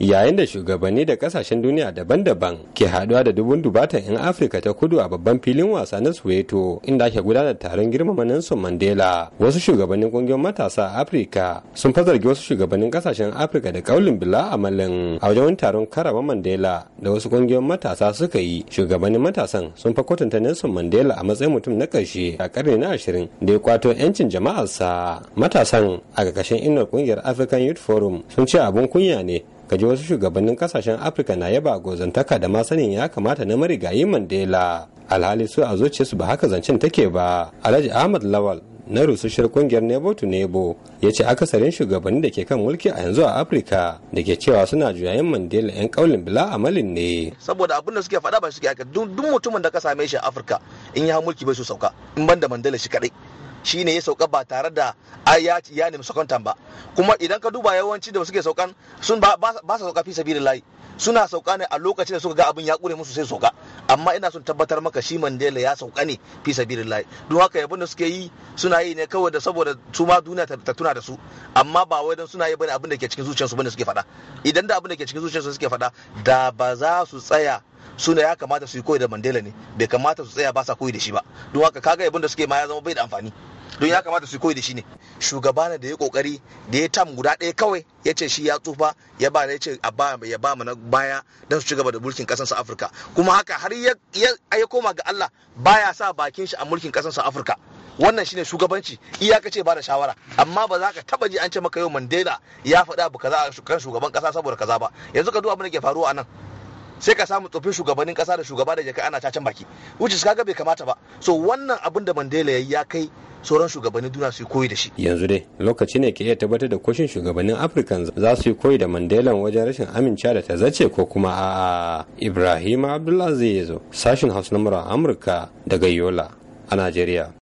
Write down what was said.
yayin da shugabanni da kasashen duniya daban-daban ke haduwa da dubun dubatan 'yan afirka ta kudu a babban filin wasa na soweto inda ake gudanar taron girmama nelson mandela wasu shugabannin kungiyar matasa a afirka sun fazargi wasu shugabannin kasashen afirka da kaulin bila amalin a wajen taron karama mandela da wasu kungiyoyin matasa suka yi shugabannin matasan sun fa kwatanta nelson mandela a matsayin mutum na karshe a karni na ashirin da ya kwato 'yancin jama'arsa matasan a ƙarƙashin inuwar kungiyar african youth forum sun ce abun kunya ne kaji wasu shugabannin kasashen afirka na yaba gozantaka da ma sanin ya kamata na marigayi mandela alhali su a zuciyarsu ba haka zancen take ba alhaji ahmad lawal na rusushiyar kungiyar nebo to nebo ya ce akasarin shugabannin da ke kan mulki a yanzu a afirka da ke cewa suna juyayin mandela yan kaulin bila amalin ne saboda abin da suke faɗa ba suke haka duk mutumin da ka same shi a afirka in ya mulki bai su sauka in ban da mandela shi kaɗai shine ya sauka ba tare da ya ya nemi sakwantan ba kuma idan ka duba yawanci da suke saukan sun ba ba sa sauka fi sabilillahi suna sauka ne a lokacin da suka ga abin ya kure musu sai sauka amma ina son tabbatar maka shi Mandela ya sauka ne fi layi. don haka yabon da suke yi suna yi ne kawai da saboda su ma duniya ta tuna da su amma ba wai don suna yi bane abin da ke cikin zuciyarsu bane suke faɗa idan da abin da ke cikin zuciyarsu suke faɗa da ba za su tsaya su ne ya kamata su yi koyi da Mandela ne bai kamata su tsaya ba sa koyi da shi ba don haka kaga abin da suke ma ya zama bai da amfani don ya kamata su koyi da shi ne shugaba ne da ya kokari da ya tam guda ɗaya kawai ya ce shi ya tsufa ya ba ya ce ya ba na baya don su ci gaba da mulkin ƙasar sa Afirka kuma haka har ya koma ga Allah baya sa bakin shi a mulkin ƙasar sa Afirka wannan shine shugabanci iyaka ce ba da shawara amma ba za ka taba ji an ce maka yau Mandela ya faɗa ba kaza kan shugaban ƙasa saboda kaza ba yanzu ka duba abin da ke faruwa a nan sai ka samu tsofin shugabannin kasa da shugaba da jaka ana cacan baki which is kaga bai kamata ba so wannan abin da Mandela yayi ya kai sauran shugabannin duniya su yi koyi da shi yanzu dai lokaci ne ke iya tabbatar da koshin shugabannin Afirka za su yi koyi da Mandela wajen rashin amincewa da ta zace ko kuma a Ibrahim Abdulaziz sashin Hausa na Amurka daga Yola a Najeriya